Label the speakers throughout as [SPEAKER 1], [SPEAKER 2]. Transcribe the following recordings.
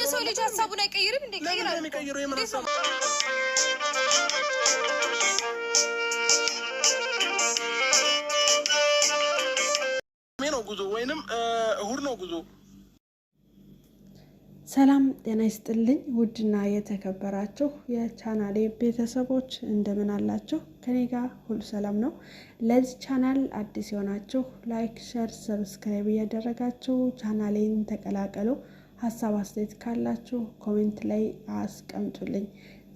[SPEAKER 1] የሰው ልጅ ሀሳቡን አይቀይርም። እንደ
[SPEAKER 2] ቀይራል ጉዞ ጉዞ።
[SPEAKER 3] ሰላም ጤና ይስጥልኝ። ውድና የተከበራችሁ የቻናሌ ቤተሰቦች እንደምን አላችሁ? ከኔ ጋር ሁሉ ሰላም ነው። ለዚህ ቻናል አዲስ የሆናችሁ ላይክ፣ ሸር፣ ሰብስክራይብ እያደረጋችሁ ቻናሌን ተቀላቀሉ። ሀሳብ አስተያየት ካላችሁ ኮሜንት ላይ አስቀምጡልኝ።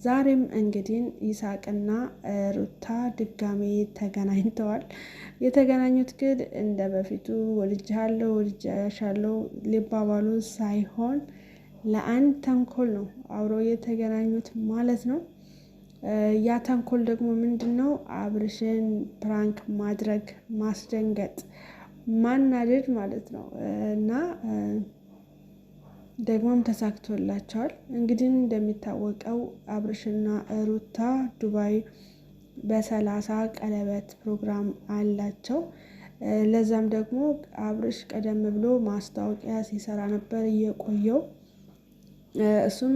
[SPEAKER 3] ዛሬም እንግዲህ ይሳቅና ሩታ ድጋሜ ተገናኝተዋል። የተገናኙት ግን እንደ በፊቱ ወልጃለሁ ወልጃሻለሁ ሊባባሉ ሳይሆን ለአንድ ተንኮል ነው አብሮ የተገናኙት ማለት ነው። ያ ተንኮል ደግሞ ምንድን ነው? አብርሽን ፕራንክ ማድረግ፣ ማስደንገጥ፣ ማናደድ ማለት ነው እና ደግሞም ተሳክቶላቸዋል። እንግዲህ እንደሚታወቀው አብርሽና ሩታ ዱባይ በሰላሳ ቀለበት ፕሮግራም አላቸው። ለዛም ደግሞ አብርሽ ቀደም ብሎ ማስታወቂያ ሲሰራ ነበር እየቆየው እሱም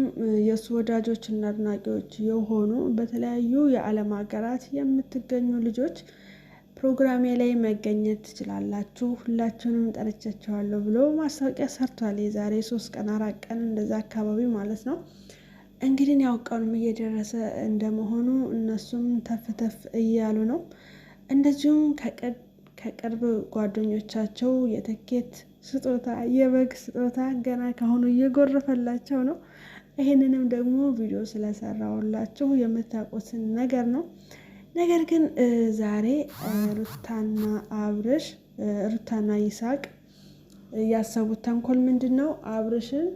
[SPEAKER 3] የእሱ ወዳጆች እና አድናቂዎች የሆኑ በተለያዩ የዓለም ሀገራት የምትገኙ ልጆች ፕሮግራሜ ላይ መገኘት ትችላላችሁ፣ ሁላችሁንም ጠርቻችኋለሁ ብሎ ማስታወቂያ ሰርቷል። የዛሬ ሶስት ቀን አራት ቀን እንደዛ አካባቢ ማለት ነው። እንግዲህ ያው ቀኑም እየደረሰ እንደመሆኑ እነሱም ተፍተፍ እያሉ ነው። እንደዚሁም ከቅርብ ጓደኞቻቸው የትኬት ስጦታ፣ የበግ ስጦታ ገና ካሁኑ እየጎረፈላቸው ነው። ይህንንም ደግሞ ቪዲዮ ስለሰራውላችሁ የምታውቁትን ነገር ነው ነገር ግን ዛሬ ሩታና አብርሽ ሩታና ይሳቅ ያሰቡት ተንኮል ምንድን ነው? አብርሽን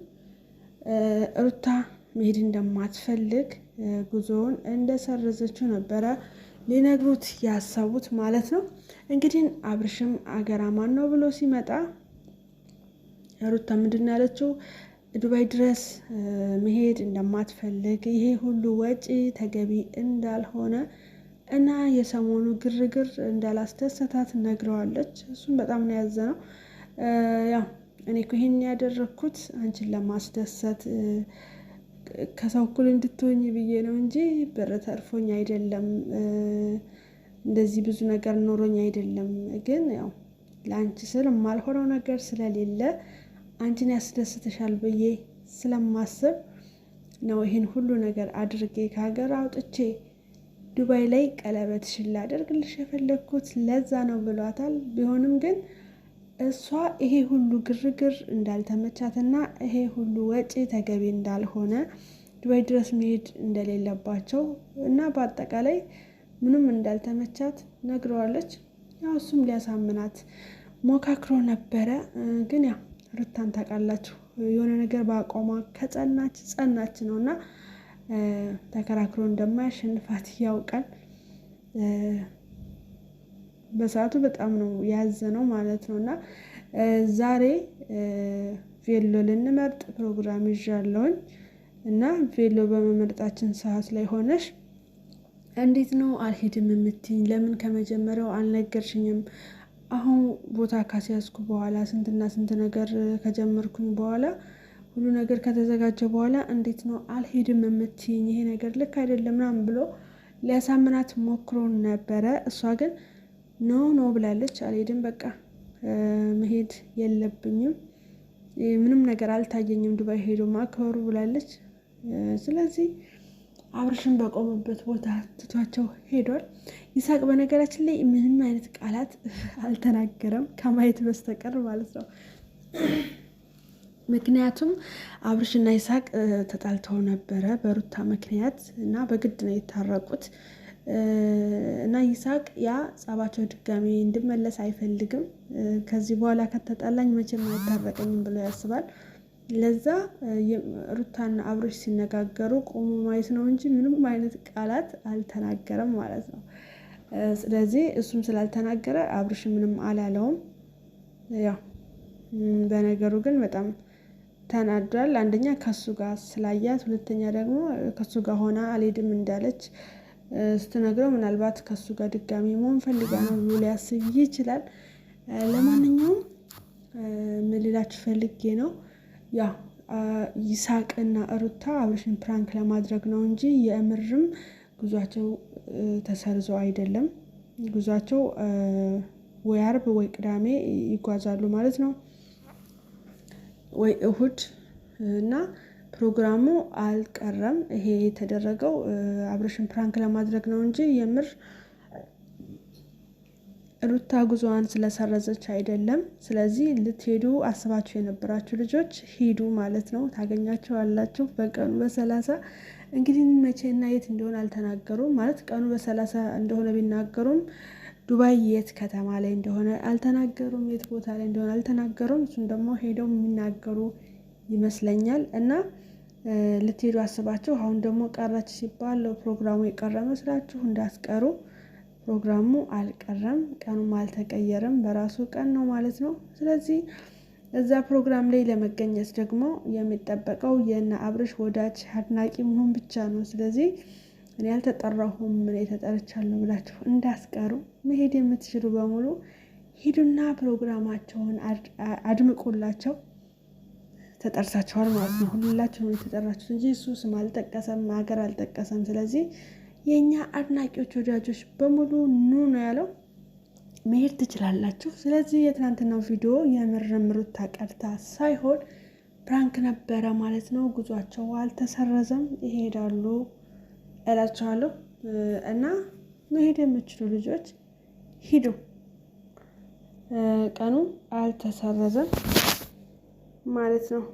[SPEAKER 3] ሩታ መሄድ እንደማትፈልግ ጉዞውን እንደሰረዘችው ነበረ ሊነግሩት ያሰቡት ማለት ነው። እንግዲህ አብርሽም አገራማን ነው ብሎ ሲመጣ ሩታ ምንድን ያለችው ዱባይ ድረስ መሄድ እንደማትፈልግ ይሄ ሁሉ ወጪ ተገቢ እንዳልሆነ እና የሰሞኑ ግርግር እንዳላስደሰታት ነግረዋለች። እሱም በጣም ነው ያዘነው። ያው እኔ እኮ ይሄን ያደረግኩት አንቺን ለማስደሰት ከሰው እኩል እንድትሆኝ ብዬ ነው እንጂ ብር ተርፎኝ አይደለም፣ እንደዚህ ብዙ ነገር ኖሮኝ አይደለም። ግን ያው ለአንቺ ስል የማልሆነው ነገር ስለሌለ አንቺን ያስደስትሻል ብዬ ስለማስብ ነው ይህን ሁሉ ነገር አድርጌ ከሀገር አውጥቼ ዱባይ ላይ ቀለበትሽን ላደርግልሽ የፈለግኩት ለዛ ነው ብሏታል። ቢሆንም ግን እሷ ይሄ ሁሉ ግርግር እንዳልተመቻትና ይሄ ሁሉ ወጪ ተገቢ እንዳልሆነ ዱባይ ድረስ መሄድ እንደሌለባቸው እና በአጠቃላይ ምንም እንዳልተመቻት ነግረዋለች። ያው እሱም ሊያሳምናት ሞካክሮ ነበረ። ግን ያው ሩታን ታውቃላችሁ የሆነ ነገር በአቋሟ ከጸናች ጸናች ነው እና ተከራክሮ እንደማያሸንፋት ያውቃል። በሰዓቱ በጣም ነው ነው ማለት ነው። እና ዛሬ ቬሎ ልንመርጥ ፕሮግራም ይዣለሁኝ እና ቬሎ በመመርጣችን ሰዓት ላይ ሆነሽ እንዴት ነው አልሄድም የምትይኝ? ለምን ከመጀመሪያው አልነገርሽኝም? አሁን ቦታ ካስያዝኩ በኋላ ስንትና ስንት ነገር ከጀመርኩኝ በኋላ ሁሉ ነገር ከተዘጋጀ በኋላ እንዴት ነው አልሄድም የምትይኝ? ይሄ ነገር ልክ አይደለም ምናምን ብሎ ሊያሳምናት ሞክሮ ነበረ። እሷ ግን ኖ ኖ ብላለች። አልሄድም በቃ መሄድ የለብኝም ምንም ነገር አልታየኝም፣ ዱባይ ሄዶ ማክበሩ ብላለች። ስለዚህ አብርሽን በቆመበት ቦታ ትቷቸው ሄዷል። ይሳቅ በነገራችን ላይ ምንም አይነት ቃላት አልተናገረም ከማየት በስተቀር ማለት ነው። ምክንያቱም አብርሽና ይሳቅ ተጣልተው ነበረ በሩታ ምክንያት እና በግድ ነው የታረቁት እና ይሳቅ ያ ጸባቸው ድጋሚ እንድመለስ አይፈልግም። ከዚህ በኋላ ከተጣላኝ መቼም አይታረቀኝም ብሎ ያስባል። ለዛ ሩታና አብርሽ ሲነጋገሩ ቆሞ ማየት ነው እንጂ ምንም አይነት ቃላት አልተናገረም ማለት ነው። ስለዚህ እሱም ስላልተናገረ አብርሽ ምንም አላለውም። ያው በነገሩ ግን በጣም ተናዷል። አንደኛ ከሱ ጋር ስላያት፣ ሁለተኛ ደግሞ ከሱ ጋር ሆና አልሄድም እንዳለች ስትነግረው ምናልባት ከሱ ጋር ድጋሚ መሆን ፈልጋ ነው ብሎ ሊያስብ ይችላል። ለማንኛውም ምን ፈልጌ ነው ያው ይሳቅና እሩታ አብርሽን ፕራንክ ለማድረግ ነው እንጂ የእምርም ጉዟቸው ተሰርዞ አይደለም። ጉዟቸው ወይ አርብ ወይ ቅዳሜ ይጓዛሉ ማለት ነው። ወይ እሁድ እና ፕሮግራሙ አልቀረም። ይሄ የተደረገው አብርሽን ፕራንክ ለማድረግ ነው እንጂ የምር ሩታ ጉዞዋን ስለሰረዘች አይደለም። ስለዚህ ልትሄዱ አስባችሁ የነበራችሁ ልጆች ሂዱ ማለት ነው። ታገኛቸው አላችሁ በቀኑ በሰላሳ እንግዲህ እና የት እንደሆነ አልተናገሩም። ማለት ቀኑ በሰላሳ እንደሆነ ቢናገሩም ዱባይ የት ከተማ ላይ እንደሆነ አልተናገሩም፣ የት ቦታ ላይ እንደሆነ አልተናገሩም። እሱም ደግሞ ሄደው የሚናገሩ ይመስለኛል እና ልትሄዱ አስባችሁ አሁን ደግሞ ቀረች ሲባል ፕሮግራሙ የቀረ መስላችሁ እንዳትቀሩ። ፕሮግራሙ አልቀረም፣ ቀኑም አልተቀየረም፣ በራሱ ቀን ነው ማለት ነው። ስለዚህ እዛ ፕሮግራም ላይ ለመገኘት ደግሞ የሚጠበቀው የእነ አብርሽ ወዳጅ አድናቂ መሆን ብቻ ነው። ስለዚህ እኔ አልተጠራሁም ምን ተጠርቻለሁ ብላችሁ እንዳስቀሩ መሄድ የምትችሉ በሙሉ ሂዱና ፕሮግራማቸውን አድምቁላቸው። ተጠርሳችኋል ማለት ነው። ሁላችሁም የተጠራችሁት እንጂ እሱ ስም አልጠቀሰም፣ ሀገር አልጠቀሰም። ስለዚህ የእኛ አድናቂዎች ወዳጆች በሙሉ ኑ ነው ያለው። መሄድ ትችላላችሁ። ስለዚህ የትናንትናው ቪዲዮ የምርምሩት ሩታ ሳይሆን ፕራንክ ነበረ ማለት ነው። ጉዟቸው አልተሰረዘም፣ ይሄዳሉ። እላችኋለሁ እና መሄድ የምችሉ ልጆች ሂዱ። ቀኑ አልተሰረዘም ማለት ነው።